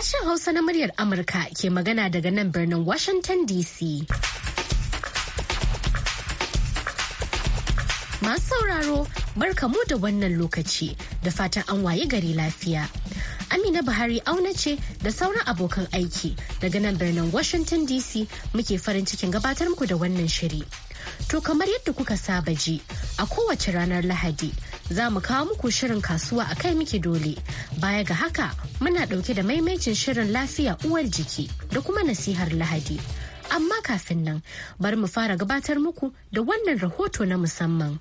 Sashen Hausa na muryar Amurka ke magana daga nan birnin Washington DC. Masu sauraro, barkamu da wannan lokaci da fatan an waye gari lafiya. Amina Buhari auna ce da sauran abokan aiki daga nan birnin Washington DC muke farin cikin gabatar muku da wannan shiri. To kamar yadda kuka saba ji a kowace ranar Lahadi za mu kawo muku shirin kasuwa a kai miki dole. Baya ga haka muna ɗauke da maimacin shirin lafiya uwar jiki da kuma nasihar lahadi. Amma kafin nan bari mu fara gabatar muku da wannan rahoto na musamman.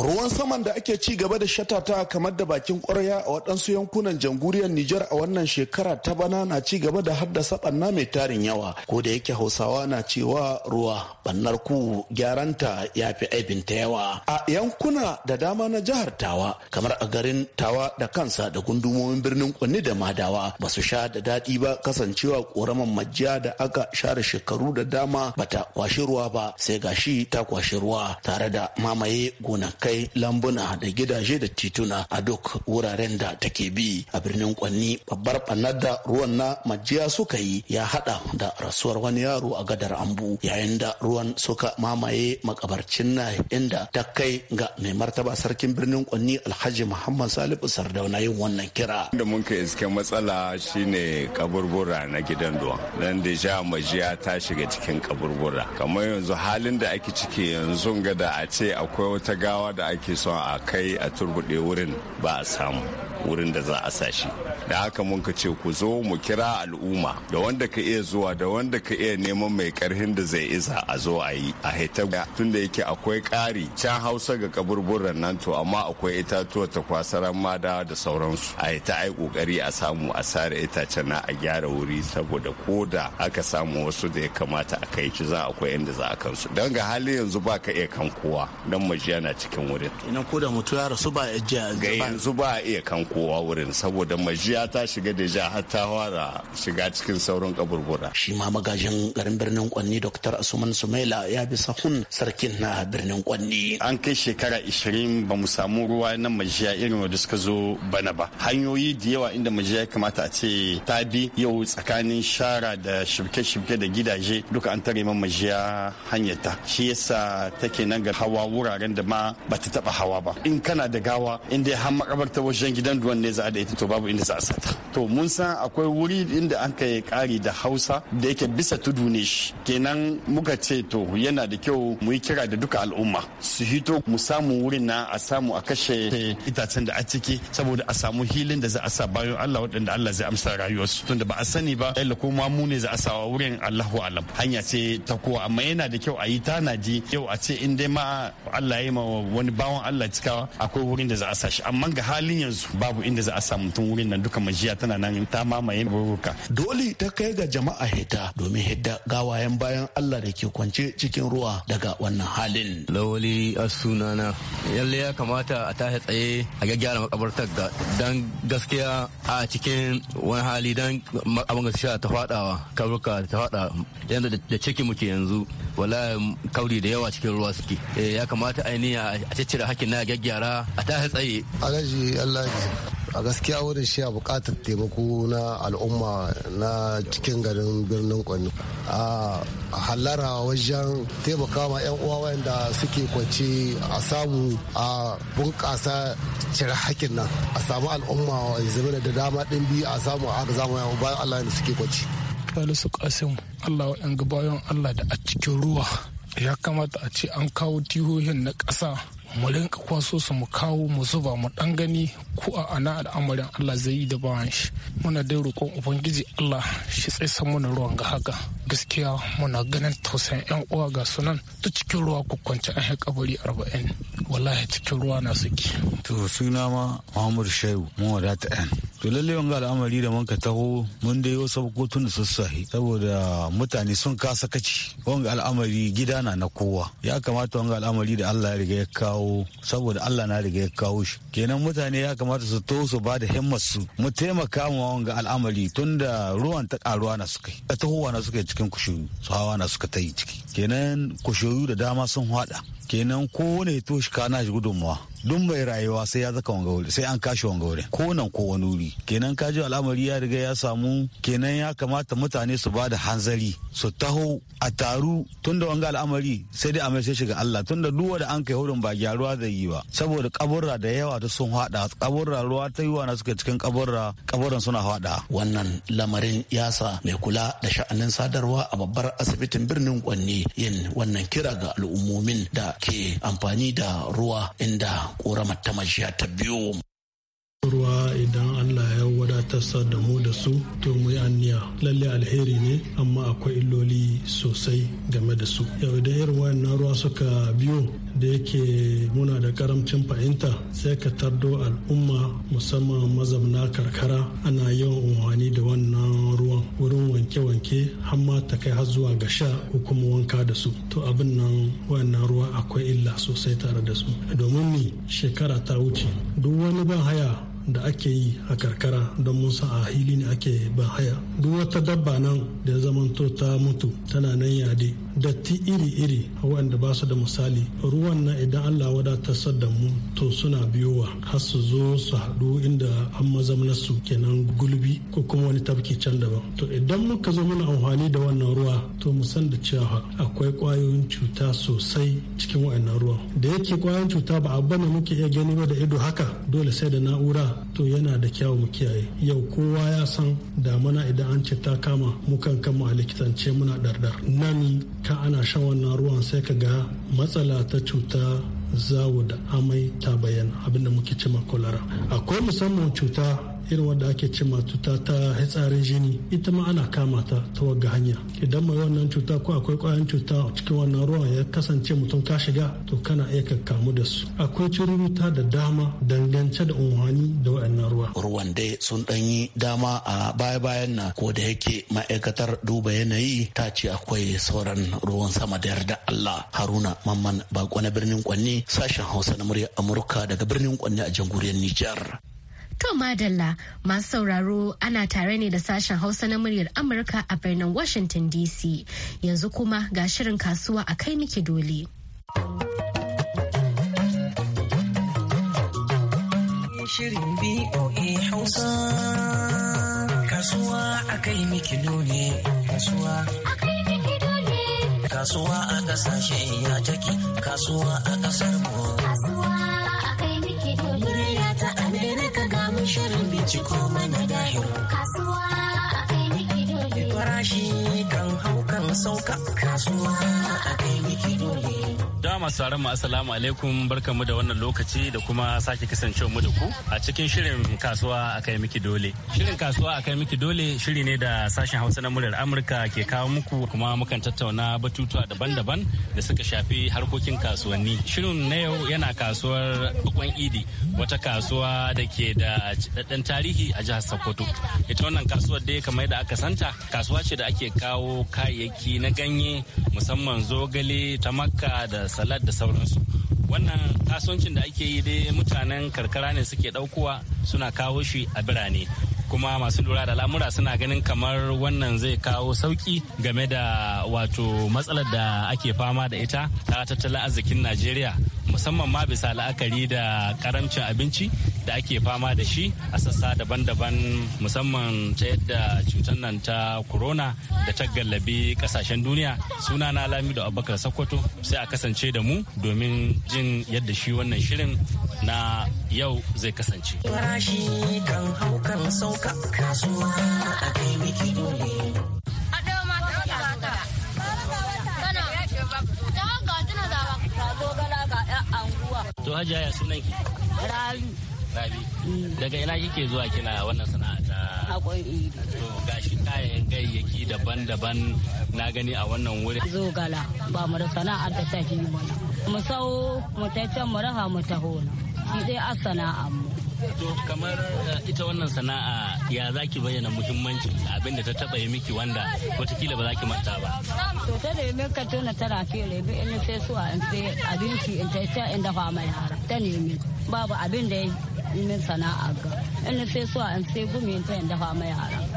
ruwan saman da ake ci gaba da shatata kamar da bakin kwarya a waɗansu yankunan jamhuriyar Nijar a wannan shekara ta bana na ci gaba da haddasa ɓanna mai tarin yawa ko da yake Hausawa na cewa ruwa bannar ku gyaranta ya fi ta yawa a yankuna da dama na jihar Tawa kamar a garin Tawa da kansa da gundumomin birnin Kunni da Madawa ba su sha da daɗi ba kasancewa ƙoraman majiya da aka share shekaru da dama bata kwashi ruwa ba sai gashi ta kwashi ruwa tare da mamaye gona kai lambuna da gidaje da tituna a duk wuraren da take bi a birnin kwanni babbar ɓannar da ruwan na majiya suka yi ya hada da rasuwar wani yaro a gadar ambu yayin da ruwan suka mamaye makabarcin na inda ta kai ga mai martaba sarkin birnin kwanni alhaji muhammad salihu sardauna yin wannan kira da mun kai iske matsala shine kaburbura na gidan duwa dan da ja majiya ta shiga cikin kaburbura kamar yanzu halin da ake ciki yanzu ga da a ce akwai wata gawa da ake so a kai a turbuɗe wurin ba a samu wurin da za a sa shi da haka mun ka ce ku zo mu kira al'umma da wanda ka iya zuwa da wanda ka iya neman mai karhin da zai isa a zo a yi a haita tun da yake akwai ƙari can hausa ga kaburburan nan to amma akwai itatuwa ta kwasaran mada da sauransu a haita ai kokari a samu a sare itacen na a gyara wuri saboda ko da aka samu wasu da ya kamata a kai shi za akwai inda za a kansu don ga hali yanzu ba ka iya kan kowa don majiya na cikin wurin. Ina ko da mutu ya rasu ba ya ga yanzu ba a iya kan kowa wurin saboda majiya ta shiga da ja har ta fara shiga cikin sauran kaburbura shi ma magajin garin birnin kwanni dr asuman sumaila ya bi sahun sarkin na birnin kwanni an kai shekara 20 ba mu samu ruwa na majiya irin wanda suka zo bana ba hanyoyi da yawa inda majiya kamata a ce ta bi yau tsakanin shara da shibke-shibke da gidaje duka an tare ma majiya hanyarta shi yasa take nan ga hawa wuraren da ma ba ta taba hawa ba in kana da gawa in dai har makabarta wajen gidan duwan ne za a da ita to babu inda za a sata to mun san akwai wuri inda an kai kari da hausa da yake bisa tudu ne shi kenan muka ce to yana da kyau mu yi kira da duka al'umma su hito mu samu wurin na a samu a kashe itacen da a ciki saboda a samu hilin da za a sa bayan Allah waɗanda Allah zai amsa rayuwarsu tunda ba a sani ba yalla ko ma mu ne za a sawa wurin Allahu alam hanya ce ta kowa amma yana da kyau a yi ji yau a ce in dai ma Allah ya yi ma wani bawan Allah cikawa akwai wurin da za a sa shi amma ga halin yanzu ba babu inda za a samu tun wurin nan duka majiya tana nan ta mamaye buruka. dole ta kai ga jama'a hidda domin hidda gawayen bayan Allah da ke kwance cikin ruwa daga wannan halin lawali a sunana yalle ya kamata a tashi tsaye a gyaggyara makabartar ga dan gaskiya a cikin wani hali dan abin gaskiya ta fadawa kabuka ta fada yanzu da ciki muke yanzu wallahi kauri da yawa cikin ruwa suke eh, ya kamata ainihi a ciccire hakkin na gyaggyara a tashi tsaye alaji Allah a gaskiya wurin shi a bukatar taimako na al'umma na cikin garin birnin kwani a hallara wajen taimaka ma 'yan uwa wanda suke kwanci a samu a bunƙasa cire hakin nan a samu al'umma zama da dama ɗin biyu a samu a haka zamu yawon bayan allah da suke kwanci salisu kasim allah wa yan gabayon allah da a cikin ruwa ya kamata a ce an kawo tihohin na ƙasa mu rinka kwaso su mu kawo mu zuba mu dan gani ko a ana al'amarin Allah zai yi da bawan shi muna dai roƙon ubangiji Allah shi tsaisan muna ruwan ga haka gaskiya muna ganin tausayin yan uwa ga sunan ta cikin ruwa ku kwanci an kabari arba'in wallahi cikin ruwa na suke. to suna ma Muhammad Shehu mu wadata yan to lalle wanga al'amari da mun ka taho mun dai wasu kotun da sassahi saboda mutane sun kasa kaci wanga al'amari gida na na kowa ya kamata wanga al'amari da Allah ya riga ya kawo kawo saboda Allah na riga ya kawo shi kenan mutane ya kamata su to su ba da himmar su mu taimaka mu wanga al'amari tunda ruwan ta karuwa na suka yi ta na suka yi cikin kushuru su hawa na suka ta yi ciki kenan kushuru da dama sun hada kenan wani ya toshi kana shi gudunmuwa duk mai rayuwa sai ya zaka wanga wuri sai an kashi wanga wuri ko nan ko wani wuri kenan kaji al'amari ya riga ya samu kenan ya kamata mutane su ba da hanzari su taho a taru tunda wanga al'amari sai dai a sai shiga Allah tunda duk wanda an kai hurin ba gyaruwa da yi ba saboda kaburra da yawa ta sun hada kaburra ruwa ta yiwa na suka cikin kaburra kaburran suna hada wannan lamarin yasa mai kula da sha'anin sadarwa a babbar asibitin birnin Kwanne yin wannan kira ga al'ummomin da ke amfani da ruwa inda ƙoramar ta majiya ta biyo wadatarsa da mu da su to mu yi anniya lalle alheri ne amma akwai illoli sosai game da su yau idan irin wayannan ruwa suka biyo da yake muna da karamcin fahimta sai ka tardo al'umma musamman mazabna karkara ana yawan amfani da wannan ruwan wurin wanke-wanke hamma ta kai har zuwa ga sha ko kuma wanka da su to abin nan wannan ruwa akwai illa sosai tare da su domin ni shekara ta wuce duk wani ban haya da ake yi a karkara don mun sa a hili ne ake ban haya duk wata dabba nan da zamanto ta mutu tana nan yade datti iri-iri waɗanda ba su da misali ruwan na idan allah wadatar da mu to suna biyowa har su zo su haɗu inda an mazamna su kenan gulbi ko kuma wani tafki can daban to idan muka zo muna amfani da wannan ruwa to mu san da cewa akwai ƙwayoyin cuta sosai cikin wa'annan ruwan da yake ƙwayoyin cuta ba abu ne muke iya gani ba da ido haka dole sai da na'ura to yana da kyawu mu kiyaye yau kowa ya san damana idan an ce ta kama mukan kama a likitance muna ɗarɗar nan Ka ana shan wannan ruwan sai ka ga matsala ta cuta zawo da amai ta bayyana abinda muke cima kolara akwai musamman cuta irin wadda ake ce cuta ta hitsarin jini ita ma ana kama ta ta wagga hanya idan mai wannan cuta ko akwai kwayan cuta a cikin wannan ruwan ya kasance mutum ka shiga to kana iya ka kamu da su akwai cururuta da dama dangance da unguwanni da wayannan ruwa ruwan dai sun yi dama a baya bayan na ko da yake ma'aikatar duba yanayi ta ce akwai sauran ruwan sama da yarda Allah Haruna Mamman Bako na birnin Kwanne sashen Hausa na murya Amurka daga birnin Kwanni a jamhuriyar Nijar To madalla masu sauraro ana tare ne da sashen Hausa na muryar Amurka a birnin Washington DC. Yanzu kuma ga shirin kasuwa a kai miki dole. Shirin Hausa Kasuwa a ƙasashen dole Kasuwa a kai dole Kasuwa a kasashe ya take Kasuwa a ƙasar mu sauka kasuwa a kai miki dole masu mu assalamu alaikum barkamu da wannan lokaci da kuma sake kasancewa mu da ku a cikin shirin kasuwa kai miki dole. Shirin kasuwa akai miki dole shiri ne da sashen Hausa na muryar Amurka ke kawo muku kuma mukan tattauna batutuwa daban-daban da suka shafi harkokin kasuwanni. Shirin na yau yana kasuwar Bakon Idi wata kasuwa da ke da daɗaɗɗen tarihi a jihar Sokoto. Ita wannan kasuwar dai kamar da aka santa kasuwa ce da ake kawo kayayyaki na ganye musamman zogale tamaka da sala. salad da sauransu wannan kasuwancin da ake yi dai mutanen karkara ne suke ɗaukowa suna kawo shi a birane kuma masu lura da l'amura suna ganin kamar wannan zai kawo sauki game da wato matsalar da ake fama da ita ta tattalin arzikin najeriya musamman ma bisa la'akari da karamcin abinci da ake fama da shi a sassa daban-daban musamman ta yadda cutar nan ta corona da ta gallabi kasashen duniya suna na lamido abubakar sokoto sai a kasance da mu domin jin yadda shi wannan shirin na yau zai kasance farashi To hajiya ya sunan ki? Rabi. Rabi. Daga ina kike zuwa kina wannan sana'a ta? Akwai. To gashi kayan gayyaki daban-daban na gani a wannan wurin. Zogala ba mu da sana'a da ta fi mana. Mu sau mu ta can mu raha mu taho na. Shi dai a sana'a mu. To kamar eh, ita wannan sana'a ya za ki bayyana muhimmanci abin da ta taba yi miki wanda watakila ba za ki manta ba. To ta da yi ka tuna tara fere bi in sai su a sai abinci in ta ta in dafa mai yara ta nemi babu abin da ya yi min sana'a ga in sai su a sai gumi in ta in dafa mai yara.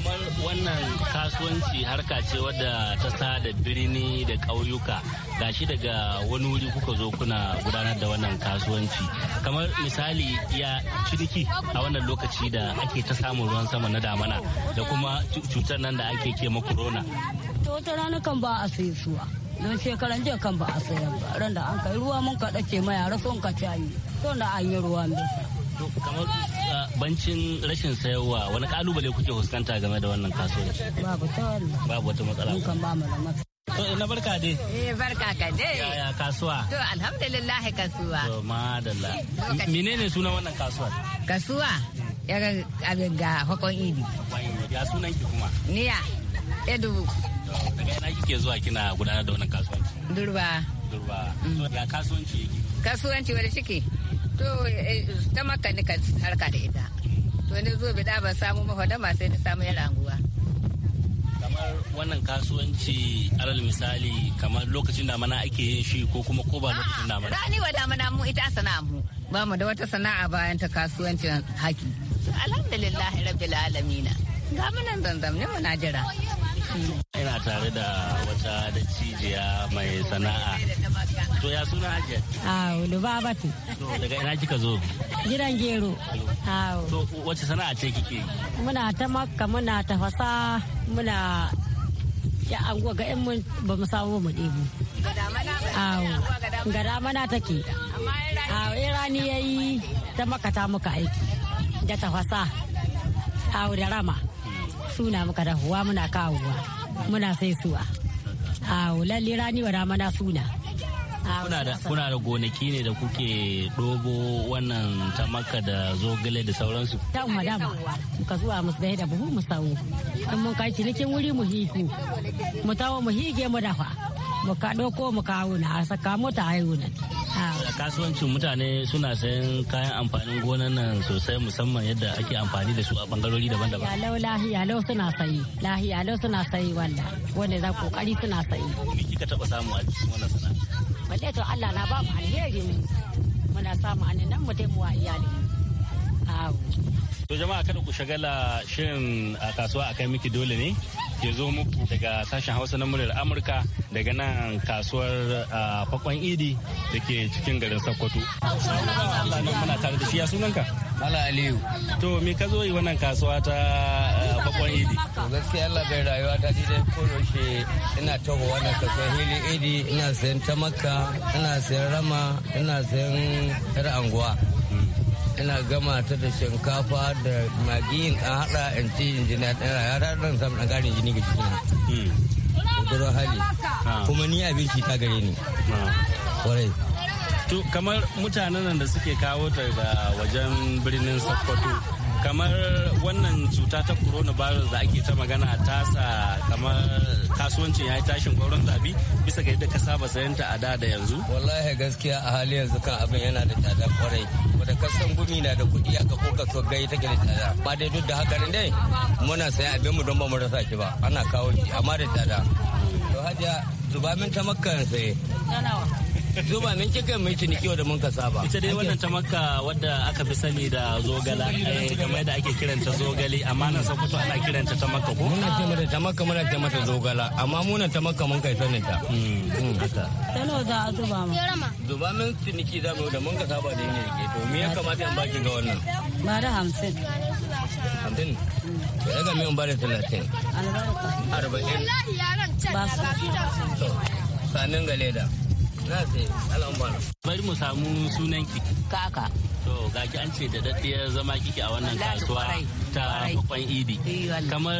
kamar wannan kasuwanci harka ce wadda ta sa da birni da ƙauyuka gashi daga wani wuri kuka zo kuna gudanar da wannan kasuwanci kamar misali ya ciniki a wannan lokaci da ake ta samun ruwan sama na damana da kuma cutar nan da ake ke corona. wata rana kan ba a sayi suwa don shekaran jiya kan ba a sayar ba ran da an kai ruwa mun ka dace ma yara son ka cayi don da an yi ruwan mai kamar ah, bancin rashin sayarwa wani kalubale kuke fuskanta game da wannan kasuwanci babu ta babu wata matsala dukan ba mu To ina eh, barka dai. Eh barka ka dai. Yaya kasuwa? To alhamdulillah kasuwa. To madalla. Menene sunan wannan kasuwa? Kasuwa. ga abin ga hakon idi. Ya sunan ki kuma? Niya. Edu. Daga ina kike zuwa kina gudanar da wannan kasuwanci? Durba. Durba. Mm. Ya kasuwanci yake? Kasuwanci wani shike? to eh, ta maka ni ka harka da ita to ni zo bi ban samu mahadama sai ni samu yara anguwa kamar wannan kasuwanci alal misali kamar lokacin damana ake yin shi ko kuma ko ba lokacin damana rani wa mana mu ita sana'a mu ba mu da wata sana'a bayan ta kasuwancin haki alhamdulillah rabbil alamin ga mu zanzam ne muna jira ina tare da wata da cijiya mai sana'a To ya suna hajiya? ba Lubabatu. To daga ina kika zo? Gidan gero. a To wace sana'a ce kike? Muna ta makka muna ta fasa muna ya anguwa ga in ba mu samu mu ɗebo. ga Gada mana take. a yi rani ya yi ta makata muka aiki. Da ta fasa. da rama. Suna muka dahuwa muna kawowa. Muna sai suwa. a lalle rani wa rama na suna. kuna da gonaki ne da kuke dobo wannan tamaka da zogale da sauransu ta umma dama muka zuwa musu da buhu mu sawo in mun kai cinikin wuri mu hiku mu tawo mu hige mu dafa mu ka doko mu kawo na a saka mota yau nan kasuwancin mutane suna sayan kayan amfanin gonan nan sosai musamman yadda ake amfani da su a bangarori daban-daban. Yalau lahiyalau suna sayi, lahiyalau suna sayi wanda wanda za kokari suna sayi. Me kika taba samu a cikin wannan sana'a? balle to Allah na ba mu alheri mu muna samu annan mu taimu wa iyali to jama'a kada ku shagala shirin a kasuwa akai miki dole ne ke zo muku daga sashen hausa na muryar amurka daga nan kasuwar fakon idi da ke cikin garin sokoto muna tare da shi ya sunanka mala aliyu to me ka zo yi wannan kasuwa ta fakon idi to gaskiya allah bai rayuwa ta ji dai ko ina taho wannan kasuwa hili idi ina sayan Makka, ina sayan rama ina sayan yar anguwa hmm. ina gama ta da shinkafa da magi in an haɗa in ci injina ɗaya ya ta ɗan samun ɗan jini ga jikina. Hmm. Gudun hali. Kuma ni abinci ta gare ni. Kwarai. To kamar mutanen nan da suke kawo ta da wajen birnin Sokoto kamar wannan cuta ta coronavirus da ake ta magana tasa kamar kasuwancin ya yi tashin gwauron zabi bisa ga yadda ka saba sayanta a da da yanzu? Wallahi gaskiya a hali yanzu kan abin yana da tsada kwarai. da kasan gumi na da kuɗi aka koka so gai take da tsada ba dai duk da haka ne dai muna sayan abin mu don ba mu rasa shi ba ana kawo shi amma da tsada to hajiya zuba min ta makka sai zuba min kika mai ciniki da mun ka saba ita dai wannan ta makka wadda aka fi sani da zogala game eh, da ake kiranta zogali amma nan sokoto ana kiranta ta makka ko muna ce mata ta makka muna ce mata zogala amma muna ta makka mun kai sanin ta hmm, hmm, ta nawa za a zuba mu zuba min ciniki za mu da mun ka saba da yin yake to me ya kamata in baki ga wannan ba da hamsin hamsin ya daga min ba da talatin arba'in ba su sanin ga leda Gracias. A la humana. bari mu samu sunan ki kaka to gaki an ce da daddiyar zama kike a wannan kasuwa ta bakon idi eh, kamar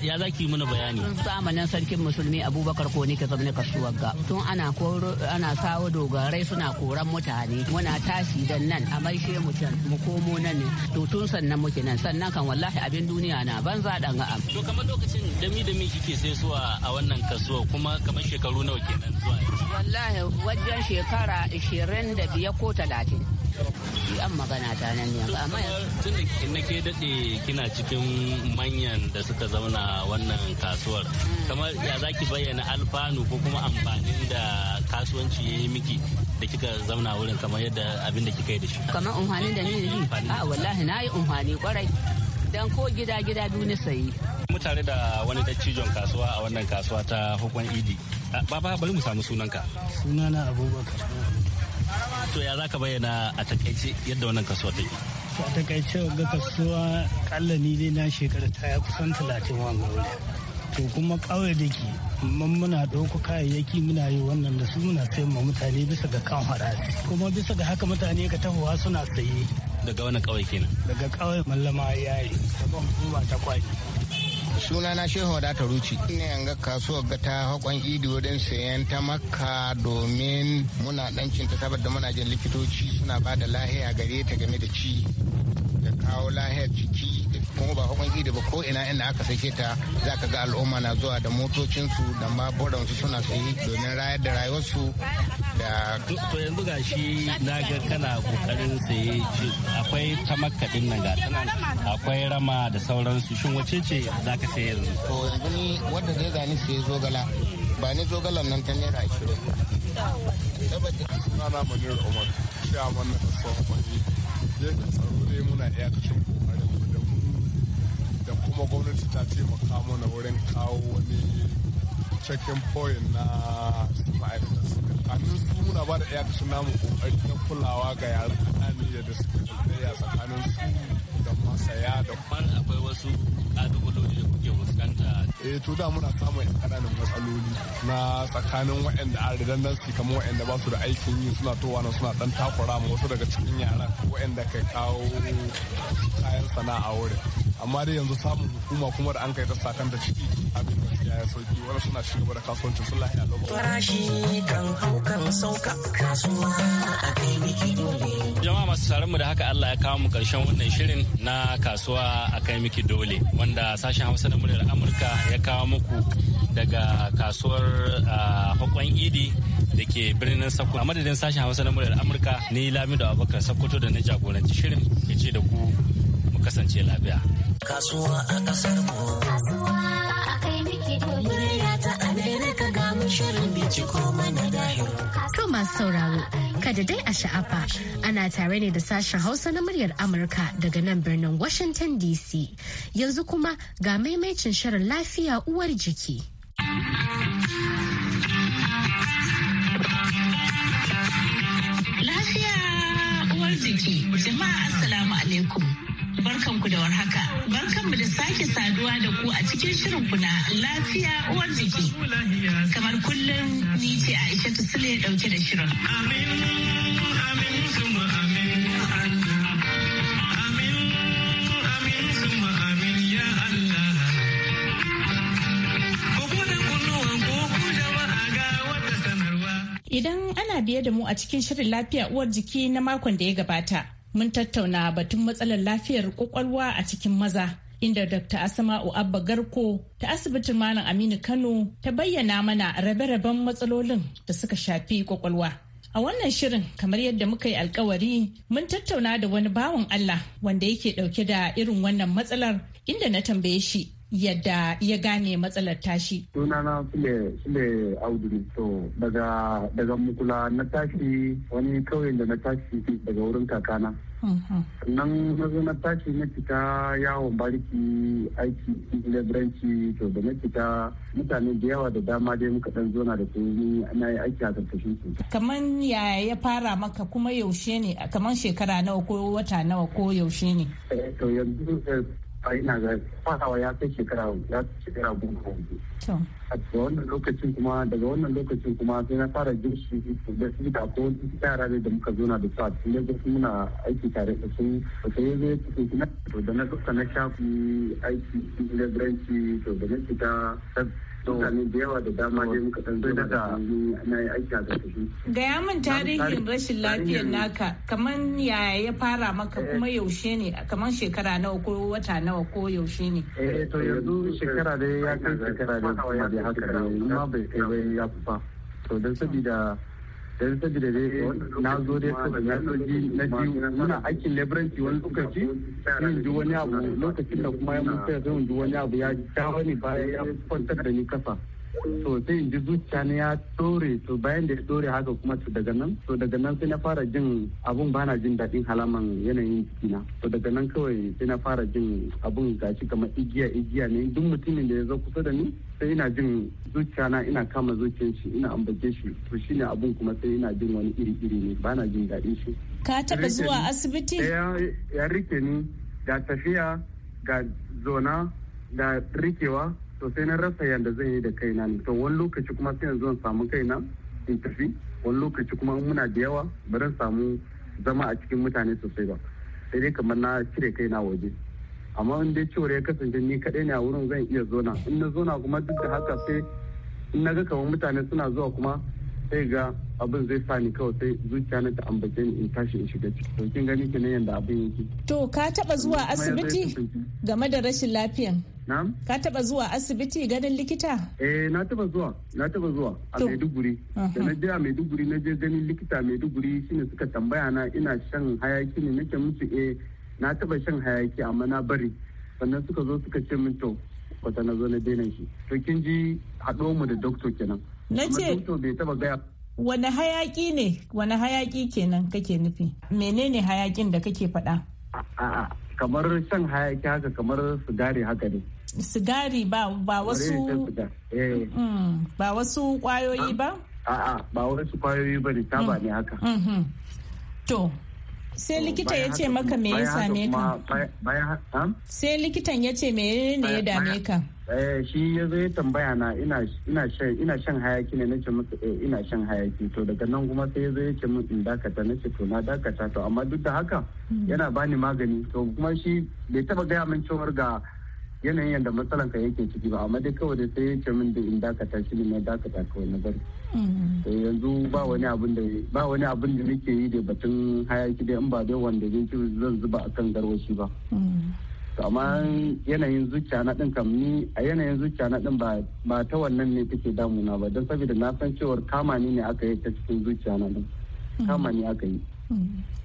ya za muna bayani zamanin sarkin musulmi abubakar ko ne ka zaune kasuwar ga tun ana koro ana sawo dogarai suna koran mutane muna tashi dan nan a maishe mu can mu komo nan ne to tun sannan muke nan sannan kan wallahi abin duniya na banza dan ga to kamar lokacin da mi da mi kike sai suwa a wannan kasuwa kuma kamar shekaru nawa kenan zuwa wallahi wajen shekara 20 ashirin da biyar ko talatin Yi an magana ta nan ne amma tun da ke daɗe kina cikin manyan da suka zauna wannan kasuwar kamar ya za ki bayyana alfanu ko kuma amfanin da kasuwanci ya yi miki da kika zauna wurin kamar yadda abin da kika yi da shi kamar umfani da ni a wallahi na yi umhani kwarai dan ko gida gida biyu ni sayi mu tare da wani dattijon kasuwa a wannan kasuwa ta hukun idi ah, baba bari mu samu sunanka sunana abubakar To ya za ka bayyana a takaice yadda wannan kasuwa take? A takaice ga kasuwa kalla ni dai na shekara ta ya kusan talatin wa wuri. To kuma kawai da ke man muna ɗauko kayayyaki muna yi wannan da su muna sayan ma mutane bisa ga kan haɗari Kuma bisa ga haka mutane ka tahowa suna saye. Daga wani kawai kenan? Daga kawai mallama yayi. Daga ta kwaki. sunana shehu da ta ruci ne an ga kasuwar ga ta hakon idi wurin sayan ta makka domin muna dancin ta saboda muna jin likitoci suna ba da lahiya gare ta game da ci da kawo lahiyar ciki kuma ba hakon idi ba ko ina inda aka sake ta za ka ga al'umma na zuwa da motocinsu da maburansu suna sayi domin rayar da rayuwarsu da to yanzu ga shi na ga kana kokarin saye akwai ta makaɗin nan ga akwai rama da sauransu shin wace ce za ka saye yanzu to yanzu ni wanda zai gani saye zogala ba ni zogalan nan ta naira ashirin saboda sunana manir umar shaman na kasuwar kwanji ka tsaro dai muna iyakacin kokarin da kuma gwamnati ta taimaka mana wurin kawo wani checking point na ma'aikatan suka kamin su muna ba da ɗaya kashin namu kokari na kulawa ga yaran kanani da suka tsaya tsakanin su da masaya da kuma akwai wasu kalubaloli da kuke fuskanta eh to da muna samun ƙananan matsaloli na tsakanin waɗanda a redundancy kamar waɗanda ba su da aikin yi suna towa nan suna dan takura ma wasu daga cikin yaran waɗanda kai kawo kayan sana'a wurin amma dai yanzu samun hukuma kuma da an kai ta sakan da ciki abin da ya sauki wani suna ci gaba da kasuwancin sun lahiya lau. farashi kan hau kan sauka kasuwa a kai miki dole. jama'a masu tsaron mu da haka Allah ya kawo mu karshen wannan shirin na kasuwa a kai miki dole wanda sashen hausa na muryar amurka ya kawo muku daga kasuwar hukun idi da ke birnin Sokoto. A madadin sashen Hausa na muryar Amurka ni Lamido abokan Sokoto da na jagoranci shirin ke ce da ku kasance lafiya. Kasuwa a kasar mu. Kasuwa a kai muke Murya ta Amerika ga mu shirin binciko mana dahil. To masu sauraro, kada dai a sha'afa ana tare ne da sashen Hausa na muryar Amurka daga nan birnin Washington DC. Yanzu kuma ga maimacin shirin lafiya uwar jiki. Lafiya uwar jiki, jama'a Assalamu alaikum. barkanku da warhaka. Barkanmu da sake saduwa da ku a cikin shirin kuna lafiya uwar jiki. Kamar kullum ni ce Aisha Sule dauke da shirin. Amin, amin, amin. Idan ana biye da mu a cikin shirin lafiya uwar jiki na makon da ya gabata. mun tattauna batun matsalar lafiyar kwakwalwa a cikin maza inda Dr. Asma'u Abba Garko ta asibitin Malam Aminu Kano ta bayyana mana rabe-raben matsalolin da suka shafi kwakwalwa. A wannan shirin kamar yadda muka yi alkawari mun tattauna da wani bawan Allah wanda yake dauke da irin wannan matsalar inda na tambaye shi yadda ya gane matsalar tashi. Sunana Sule Sule Audu to daga daga mukula na tashi wani kauyen da na tashi daga wurin kakana. Mm-hmm. Nan na zo na tashi na fita yawon bariki aiki leburanci to da na fita mutane da yawa da dama dai muka dan zona da su na yi aiki a karkashin su. Kaman ya ya fara maka kuma yaushe ne kaman shekara nawa ko wata nawa ko yaushe ne. Eh, to yanzu eh, a ina ga ya kai shekara ya shekara goma a daga wannan lokacin kuma daga wannan lokacin kuma sai na fara jin su da su da ko yara da muka zo na da su a cikin lagos muna aiki tare da su da sai ya zo ya cikin kuma da na kusa na shafi aiki da granci to da na fita mutane da yawa da dama dai muka san da na yi aiki a ƙarƙashin gaya min tarihin rashin lafiyar naka kaman ya ya fara maka eh. kuma yaushe ne kaman shekara nawa ko wata nawa ko yaushe ne eh to eh, yanzu shekara dai ya kai shekara dai kuma da haka da ma bai kai ya kufa to don sabida don sabida dai eh, na zo dai saboda na soji na ji muna aikin labiranci wani lokaci yin ji wani abu lokacin da kuma ya mutu ya zo wani abu ya ja wani bayan ya kwantar da ni kasa so sai in ji zuciya ne ya dore to bayan da ya dore haka kuma to daga nan to daga nan sai na fara jin abun bana jin daɗin halaman yanayin jikina to daga nan kawai sai na fara jin abun gashi kamar igiya igiya ne duk mutumin da ya zo kusa da ni sai ina jin zuciya na ina kama zuciyar shi ina ambace shi to shine abun kuma sai ina jin wani iri iri ne bana jin daɗin shi ka taɓa zuwa asibiti ya rike ni ga tafiya ga zona ga rikewa to sai na rasa yadda zan yi da kaina ne to wani lokaci kuma sai yanzu samu kaina in tafi wani lokaci kuma muna da yawa ba zan samu zama a cikin mutane sosai ba sai dai kamar na cire kaina waje amma in dai cewar ya kasance ni kaɗai ne a wurin zan iya zona in na zona kuma duk da haka sai in na ga kamar mutane suna zuwa kuma sai ga abin zai sa ni kawai sai zuciya na ta ambace ni in tashi in shiga ciki to kin gani kenan yanda abin yake to ka taba zuwa asibiti game da rashin lafiyan Na'am. Ka taba zuwa asibiti ganin likita? Eh na taba zuwa, na taba zuwa a Maiduguri. Da na je a Maiduguri na je ganin likita a Maiduguri shine suka tambaya na ina shan hayaki ne nake musu eh na taba shan hayaki amma na bari. Sannan suka zo suka ce min to kwata na zo na daina shi. To kin ji haɗo mu da doctor kenan. na ce wani hayaki ne wani hayaki kenan kake nufi menene hayakin da kake faɗa kamar shan hayaki haka kamar sigari haka ne sigari ba ba wasu eh. mm-hmm. ba wasu kwayoyi ba a'a ba wasu kwayoyi ba ne taba ne haka mm-hmm. to sai likita ya ce maka me ya same ka sai likitan ya ce me ne ya dame ka Eh, shi ya zo ya tambaya na ina shan hayaki ne nace masa eh ina shan hayaki to daga nan kuma sai ya zo ya min in dakata nace to na dakata to amma duk da haka hmm. yana bani magani to kuma shi bai taba gaya min cewar ga yanayin yadda matsalan ka yake ciki ba amma dai kawai da sai ya ce min da in dakata shi ne na dakata kawai na bari hmm. to yanzu ba wani abin da ba wani abin da nake yi da batun hayaki dai in ba dai wanda zan zuba akan garwashi ba hmm. to amma yanayin zuciya na din kam ni a yanayin zuciya na din ba ta wannan ne take damuna ba don saboda na san cewar kama ni ne aka yi ta cikin zuciya na din kama ni aka yi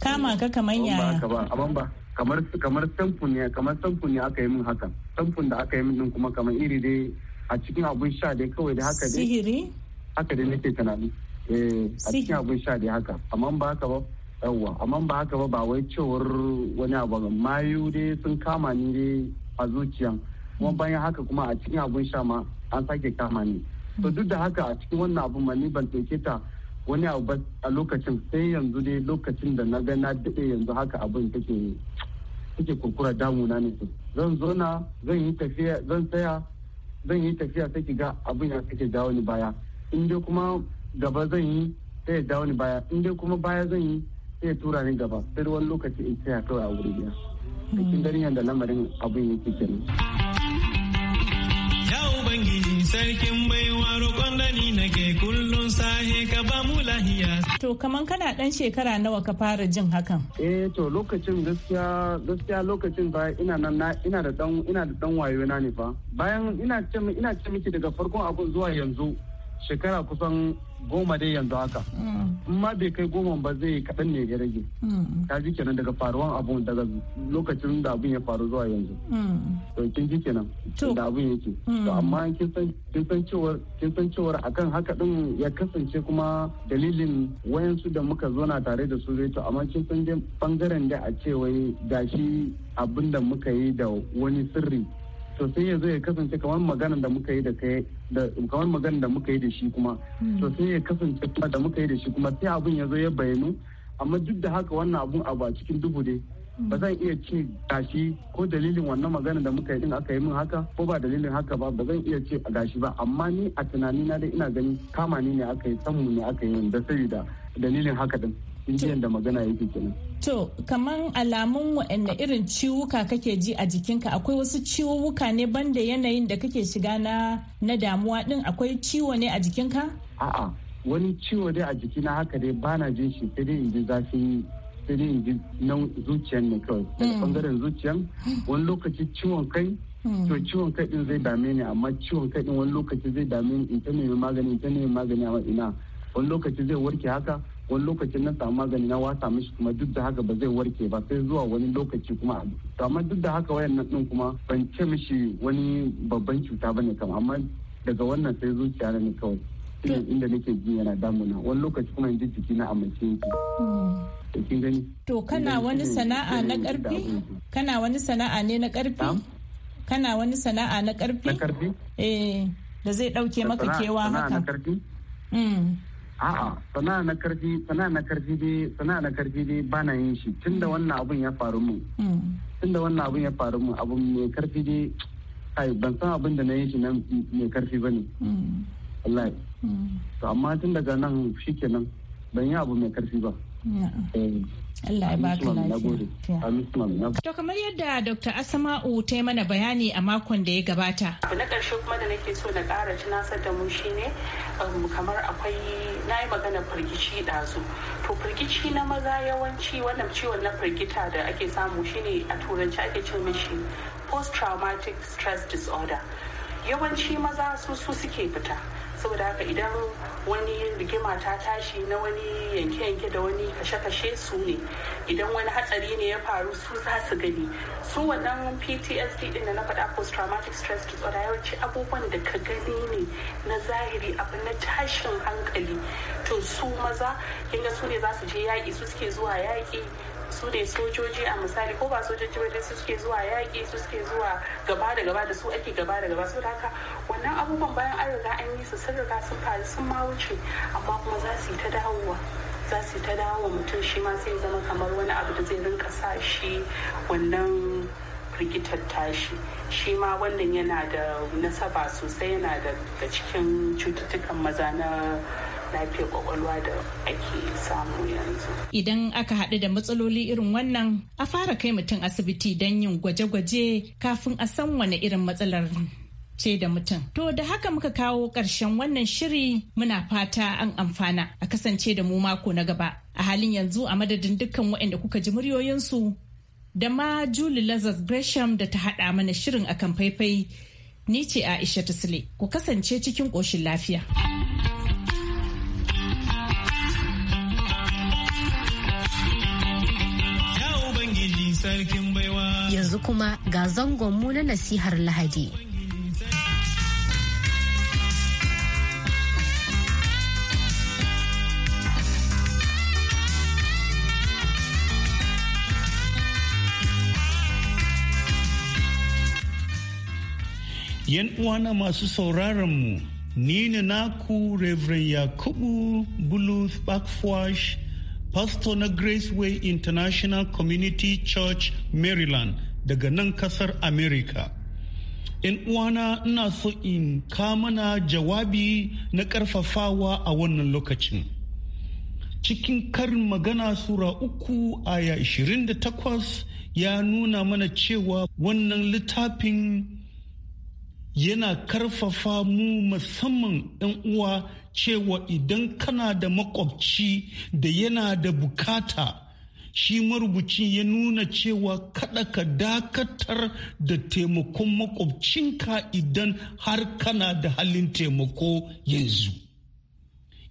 kama ka kamar ya ba ba ba kamar kamar samfun ne kamar samfun ne aka yi min haka samfun da aka yi min din kuma kamar iri dai a cikin abun sha dai kawai da haka dai sihiri haka dai nake tunani eh a cikin abun sha dai haka amma ba haka ba yawwa amma ba haka ba ba wai cewar wani abu mayu dai sun kama ni dai a zuciyan kuma bayan haka kuma a cikin abun sha ma an sake kama ni to duk da haka a cikin wannan abun ma ni ban ɗauke ta wani abu ba a lokacin sai yanzu dai lokacin da na ga na daɗe yanzu haka abun take take kurkura damuna ne zan zo na zan yi tafiya zan tsaya zan yi tafiya sai ki ga abin ya take dawo ni baya in dai kuma gaba zan yi sai ya dawo ni baya in dai kuma baya zan yi sai tura ni gaba sai wani lokaci in tsaya kawai a wuri biyar da kin yadda lamarin abin yake kenan ya ubangiji sarkin baiwa roƙon da ni nake kullum sahe ka ba mu lahiya to kaman kana dan shekara nawa ka fara jin hakan eh to lokacin gaskiya gaskiya lokacin ba ina nan na ina da dan ina da dan wayo na ne fa bayan ina ce ina ce miki daga farkon abun zuwa yanzu shekara kusan goma dai yanzu haka mm. in ma bai kai goma ba zai kaɗan ne ya rage ta mm. ji kenan daga faruwan abun daga lokacin da abun ya faru zuwa yanzu mm. to kin ji kenan da abun yake to amma kin san cewar a kan akan haka din ya kasance kuma dalilin wayansu da muka zo na tare da su zai to amma kin san bangaren da a ce wai gashi abin da muka yi da wani sirri to sai ya zo ya kasance kamar maganar da muka yi da kai da kamar maganar da muka yi da shi kuma hmm. to sai ya kasance kuma da muka yi da shi kuma sai abun ya zo ya bayanu amma duk da haka wannan abun abu a cikin duhu dai ba zan iya ce gashi ko dalilin wannan magana da muka yi din aka yi min haka ko ba dalilin haka ba ba zan iya ce gashi ba amma ni a tunani na dai ina ganin kama ni ne aka yi sanmu ne aka yi da sabida dalilin haka din injiyan da magana yake kenan to kaman alamun waɗanne irin ciwuka kake ji a jikinka akwai wasu ciwuka ne banda yanayin da kake shiga na na damuwa din akwai ciwo ne a jikinka a'a wani ciwo dai a jikina haka dai bana jin shi sai dai in ji zafin sai dai in ji zuciyan ne kawai daga bangaren mm. zuciyan wani lokaci ciwon kai to mm. ciwon kai din zai dame ni amma ciwon kai din wani lokaci zai dame ni in ta nemi magani in ta nemi magani amma ina wani lokaci zai warke haka wani lokacin na samu magani na wasa mishi kuma duk da haka ba zai warke ba sai zuwa wani lokaci kuma to amma duk da haka wayan nan kuma ban ce mishi wani babban cuta bane kam amma daga wannan sai zuciya na ne kawai inda nake ji yana damuna wani lokaci kuma in ji jiki na amince yake hmm. kin gani to kana wani sana'a na karfi kana wani sana'a ne na karfi kana wani sana'a na karfi na karfi eh da zai dauke maka kewa haka na karfi hmm. a'a sana'a na karfi sana'a na karfi dai sana'a na karfi dai ba na yin shi tunda wannan abun ya faru mu hmm. tunda wannan abun ya faru mu abun mai karfi dai kai ban san abun da na yi shi nan mai karfi bane hmm. wallahi hmm. to amma tun daga nan shikenan ban yi abu mai karfi ba To kamar yadda Dr. Asama'u ta yi mana bayani a makon da ya gabata. Abu na ƙarshe kuma da nake so na ƙara tunasar da mu shine um, kamar akwai na yi magana firgici ɗazu. To firgici na maza yawanci wannan ciwon na firgita da ake samu shine a turanci ake cin mishi post-traumatic stress disorder. Yawanci maza su su suke fita. saboda haka idan wani rigima ta tashi na wani yanke-yanke da wani kashe-kashe su ne idan wani hatsari ne ya faru su za su gani su wannan ptsd din da na faɗa post traumatic stress disorder yawanci abubuwan da ka gani ne na zahiri abu na tashin hankali to su maza kinga su ne za su je yaƙi su suke zuwa yaƙi su ne sojoji a misali ko ba sojoji ba su suke zuwa yaƙi su suke zuwa gaba da gaba da su ake gaba da gaba su haka wannan abubuwan bayan an riga an yi su sun riga sun faru sun ma wuce amma kuma za su yi ta dawowa za su yi ta dawowa mutum shi ma sai zama kamar wani abu da zai rinka sa shi wannan rikitar tashi shi ma wannan yana da nasaba sosai yana da cikin cututtukan maza na lafiyar kwakwalwa da ake samu yanzu. Idan aka haɗu da matsaloli irin wannan a fara kai mutum asibiti don yin gwaje-gwaje kafin a san wani irin matsalar ce da mutum. To da haka muka kawo ƙarshen wannan shiri muna fata an amfana a kasance da mu mako na gaba. A halin yanzu a madadin dukkan waɗanda kuka ji muryoyinsu da ma Julie Lazarus Gresham da ta haɗa mana shirin akan faifai ni ce Aisha Tisle ku kasance cikin ƙoshin lafiya. Yanzu kuma ga zangonmu na nasihar Lahadi. Yan uwana masu sauraronmu, ni ne naku Reverend Yakubu Bulus Backwash, pastor na Graceway International Community Church, Maryland. daga nan kasar Amerika. in uwana ina so in mana jawabi na karfafawa a wannan lokacin cikin karin magana sura uku aya 28 ya nuna mana cewa wannan littafin yana karfafa mu musamman 'yan uwa cewa idan kana da makwabci da yana da bukata shi marubucin ya nuna cewa kada ka dakatar da taimakon makwabcinka idan har kana da halin taimako yanzu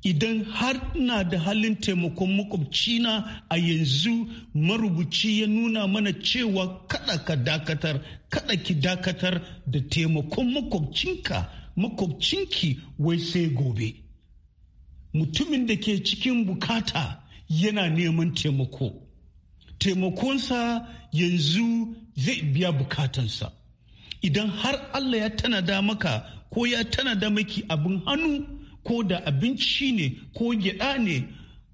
idan har na da halin taimakon makwabcina a yanzu marubuci ya nuna mana cewa kada ka dakatar kada ki dakatar da taimakon makwabcinka makwabcinki wai sai gobe mutumin da ke cikin bukata yana neman taimako taimakonsa yanzu zai biya bukatansa idan har allah ya tanada maka ko ya tanada maki abin hannu ko da abinci ne ko gyada ne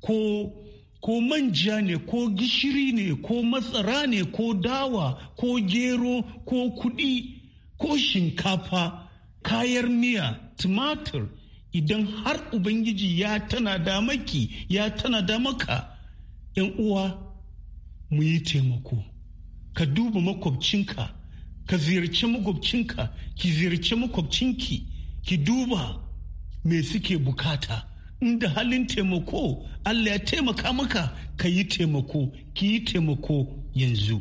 ko ko manja ne ko gishiri ne ko matsara ne ko dawa ko gero ko kudi ko shinkafa kayar miya tumatir idan har ubangiji ya tana da maki ya tana da maka uwa mu yi taimako ka duba makwabcinka ka ziyarci makwabcinka ki ziyarci makwabcinki ki duba me suke bukata inda halin taimako allah ya taimaka maka ka yi taimako ki yi taimako yanzu.